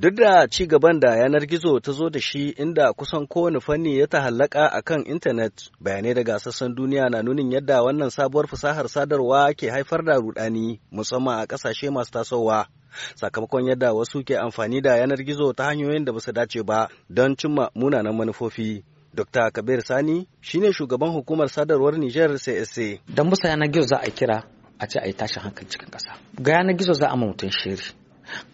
Duk da ci gaban da yanar gizo ta zo da shi inda kusan kowane fanni ya ta tahallaka a kan intanet, bayanai daga sassan duniya na nunin yadda wannan sabuwar fasahar sadarwa ke haifar da rudani musamman a ƙasashe masu tasowa. Sakamakon yadda wasu ke amfani da yanar gizo ta hanyoyin da basu dace ba don cimma munanan manufofi. Dr. Kabir Sani shine shugaban hukumar sadarwar Nijar CSA. Don musa yanar gizo za a kira a ce a yi tashin hankali cikin ƙasa. Ga yanar gizo za a mutum shiri.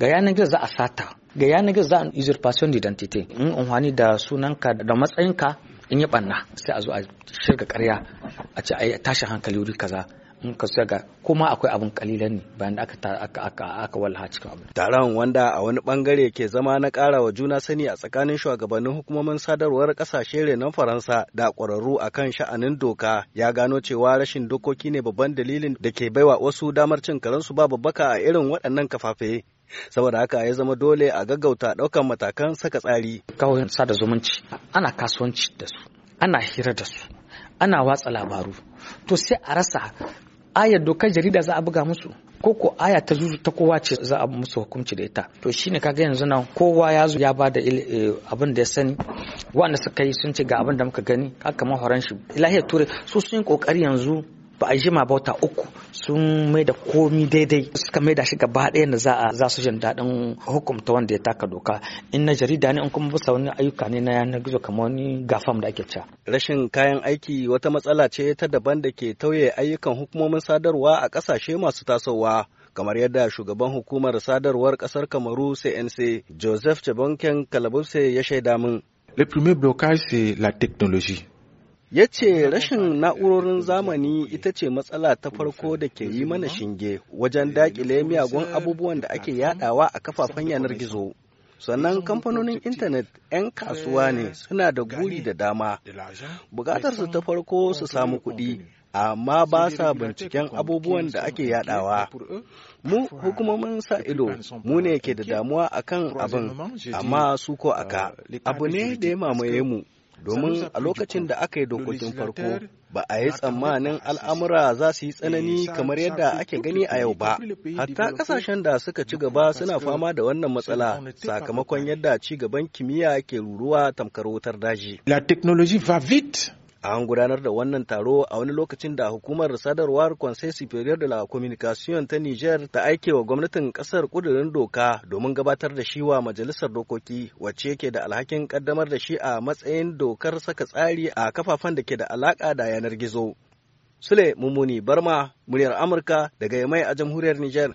Ga yanar gizo za a sata. ga yanar gizo za a usurpation identity in amfani da sunanka da matsayinka in yi banna sai a zo a shirga karya a ce ai tashin hankali wuri kaza in ka ga kuma akwai abin kalilan ne bayan da aka wallaha cikin abin. Taron wanda a wani bangare ke zama na ƙara wa juna sani a tsakanin shugabannin hukumomin sadarwar ƙasashe renon Faransa da ƙwararru akan sha'anin doka ya gano cewa rashin dokoki ne babban dalilin da ke baiwa wasu damar cin su ba babbaka a irin waɗannan kafafe saboda haka ya zama dole a gaggauta ɗaukan matakan saka tsari kawai da zumunci ana kasuwanci da su ana hira da su ana watsa labaru to sai a rasa ayar dokar jarida za a buga musu ko ko aya ta zuzu ta kowa ce za a musu hukunci da ita to shi ne kaga yanzu nan kowa ya zo ya ba da eh, abin da ya sani wanda suka yi sun ce ga abin da muka gani haka mahoran shi ilahiyar ture su sun yi kokari yanzu ba a jima ba wata uku sun mai da komi daidai suka mai da shi gaba ɗaya da za a za su jin daɗin hukumta wanda ya taka doka in na jarida ne in kuma bisa wani ayyuka ne na yanar gizo kamar wani gafam da ake cewa. rashin kayan aiki wata matsala ce ta daban da ke tauye ayyukan hukumomin sadarwa a kasashe masu tasowa kamar yadda shugaban hukumar sadarwar kasar kamaru cnc joseph chebonken kalabuse ya shaida min. le premier blocage c'est la technologie ya ce rashin na'urorin zamani ita ce matsala ta farko da ke yi mana shinge wajen dakile miyagun abubuwan da ake yadawa a kafafen yanar gizo sannan kamfanonin intanet 'yan kasuwa ne eh, suna da guri da dama su ta farko su samu kuɗi amma ba sa binciken abubuwan da ake yadawa mu hukumomin sa ido mu ne ke da damuwa akan abin amma su ko aka eh, abu ne da ya mamaye mu domin a lokacin da aka yi dokokin farko ba a yi tsammanin al'amura za su yi tsanani kamar yadda ake gani a yau ba hatta kasashen da suka ci gaba suna fama da wannan matsala sakamakon yadda ci gaban kimiyya ke ruruwa tamkar wutar daji la technologie va vite An gudanar da wannan taro a wani lokacin da hukumar sadarwar Conseil Superior de la Communication ta Niger ta aike wa gwamnatin kasar kudirin doka domin gabatar da shi wa majalisar dokoki wacce ke da alhakin kaddamar da shi a matsayin dokar saka tsari a kafafen da ke da alaka da yanar gizo. Sule Mummuni Barma, muryar Amurka daga Yamai a jamhuriyar Niger.